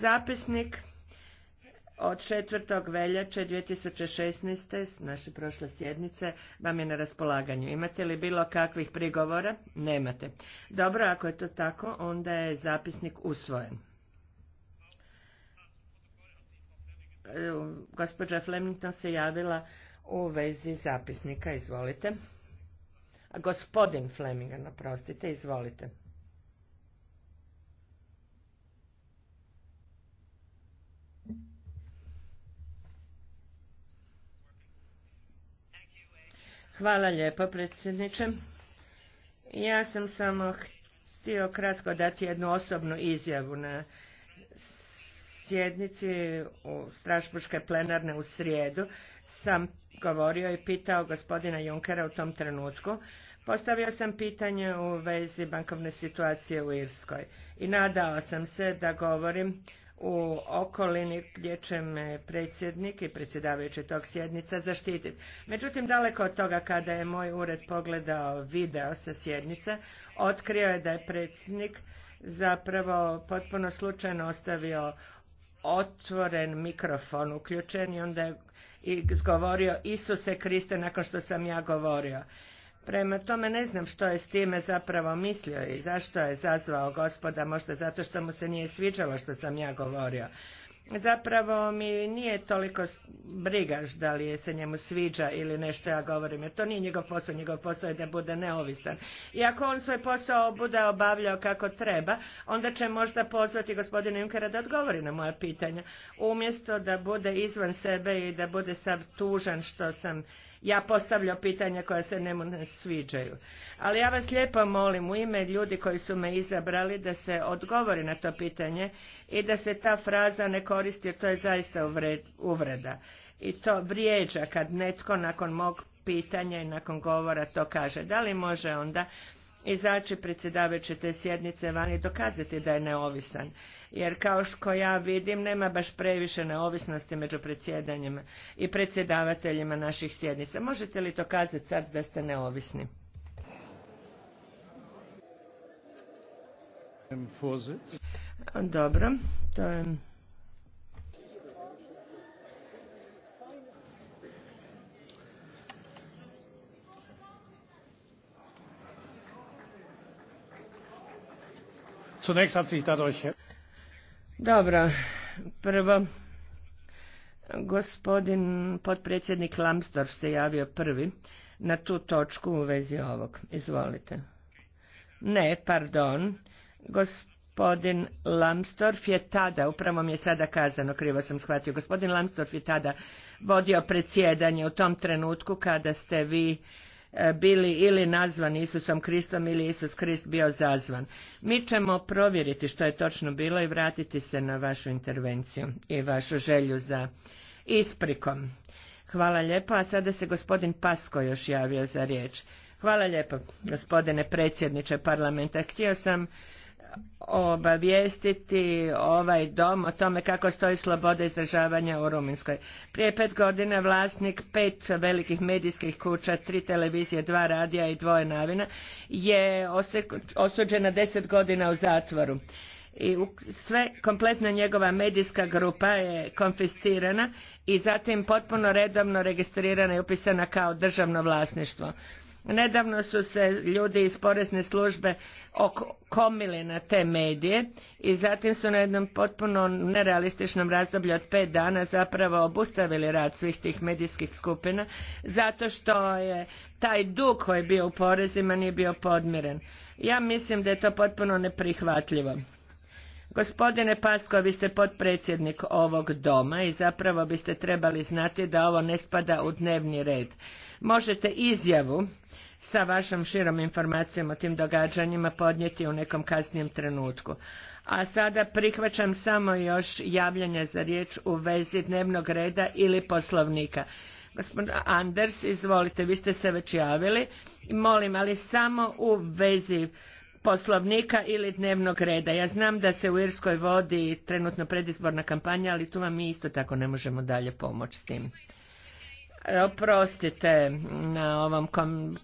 Zapisnik od 4. veljače 2016. naše prošle sjednice vam je na raspolaganju. Imate li bilo kakvih prigovora? Nemate. Dobro, ako je to tako, onda je zapisnik usvojen. E, gospođa Flemington se javila u vezi zapisnika, izvolite. A gospodin Flemington, oprostite, izvolite. Hvala lijepo, predsjedniče. Ja sam samo htio kratko dati jednu osobnu izjavu na sjednici u plenarne u srijedu. Sam govorio i pitao gospodina Junkera u tom trenutku. Postavio sam pitanje u vezi bankovne situacije u Irskoj i nadao sam se da govorim u okolini gdje će me predsjednik i predsjedavajući tog sjednica zaštititi. Međutim, daleko od toga kada je moj ured pogledao video sa sjednice, otkrio je da je predsjednik zapravo potpuno slučajno ostavio otvoren mikrofon uključen i onda je izgovorio Isuse Kriste nakon što sam ja govorio. Prema tome ne znam što je s time zapravo mislio i zašto je zazvao gospoda, možda zato što mu se nije sviđalo što sam ja govorio. Zapravo mi nije toliko brigaš da li je se njemu sviđa ili nešto ja govorim, jer to nije njegov posao, njegov posao je da bude neovisan. I ako on svoj posao bude obavljao kako treba, onda će možda pozvati gospodina Junkera da odgovori na moja pitanja, umjesto da bude izvan sebe i da bude sav tužan što sam ja postavljam pitanja koja se nemu ne sviđaju. Ali ja vas lijepo molim u ime ljudi koji su me izabrali da se odgovori na to pitanje i da se ta fraza ne koristi jer to je zaista uvreda. I to vrijeđa kad netko nakon mog pitanja i nakon govora to kaže. Da li može onda izaći predsjedavajući te sjednice vani i dokazati da je neovisan. Jer kao što ja vidim, nema baš previše neovisnosti među predsjedanjima i predsjedavateljima naših sjednica. Možete li dokazati sad da ste neovisni? Dobro, to je... Zunächst hat sich Dobro, prvo, gospodin potpredsjednik lamstor se javio prvi na tu točku u vezi ovog. Izvolite. Ne, pardon, gospodin lamstor je tada, upravo mi je sada kazano, krivo sam shvatio, gospodin lamstor je tada vodio predsjedanje u tom trenutku kada ste vi E, bili ili nazvani Isusom Kristom ili Isus Krist bio zazvan. Mi ćemo provjeriti što je točno bilo i vratiti se na vašu intervenciju i vašu želju za isprikom. Hvala lijepo, a sada se gospodin Pasko još javio za riječ. Hvala lijepo, gospodine predsjedniče parlamenta. Htio sam obavijestiti ovaj dom o tome kako stoji sloboda izražavanja u Rumunjskoj. Prije pet godina vlasnik pet velikih medijskih kuća, tri televizije, dva radija i dvoje navina je osuđena deset godina u zatvoru. I sve, kompletna njegova medijska grupa je konfiscirana i zatim potpuno redovno registrirana i upisana kao državno vlasništvo. Nedavno su se ljudi iz porezne službe okomili na te medije i zatim su na jednom potpuno nerealističnom razdoblju od pet dana zapravo obustavili rad svih tih medijskih skupina zato što je taj dug koji je bio u porezima nije bio podmiren. Ja mislim da je to potpuno neprihvatljivo. Gospodine Pasko, vi ste potpredsjednik ovog doma i zapravo biste trebali znati da ovo ne spada u dnevni red. Možete izjavu sa vašom širom informacijom o tim događanjima podnijeti u nekom kasnijem trenutku. A sada prihvaćam samo još javljanje za riječ u vezi dnevnog reda ili poslovnika. Gospodin Anders, izvolite, vi ste se već javili. Molim, ali samo u vezi poslovnika ili dnevnog reda. Ja znam da se u Irskoj vodi trenutno predizborna kampanja, ali tu vam mi isto tako ne možemo dalje pomoći s tim. E, oprostite na ovom kom...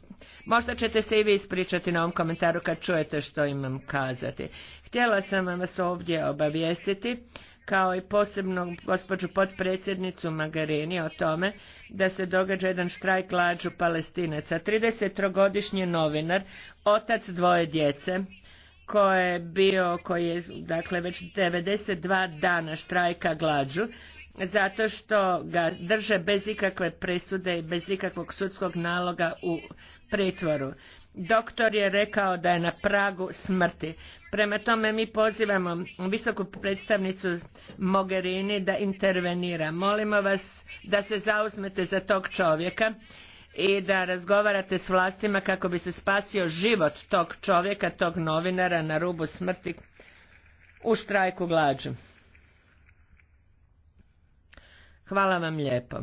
Možda ćete se i vi ispričati na ovom komentaru kad čujete što imam kazati. Htjela sam vas ovdje obavijestiti kao i posebno gospođu potpredsjednicu Magarini o tome da se događa jedan štrajk lađu palestineca. 33-godišnji novinar, otac dvoje djece, koji je bio, koji je dakle već 92 dana štrajka glađu zato što ga drže bez ikakve presude i bez ikakvog sudskog naloga u pritvoru. Doktor je rekao da je na pragu smrti. Prema tome mi pozivamo visoku predstavnicu Mogherini da intervenira. Molimo vas da se zauzmete za tog čovjeka i da razgovarate s vlastima kako bi se spasio život tog čovjeka, tog novinara na rubu smrti u štrajku glađu. Hvala vam lijepo.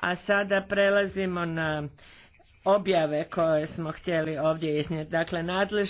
A sada prelazimo na objave koje smo htjeli ovdje iznijeti. Dakle, nadležni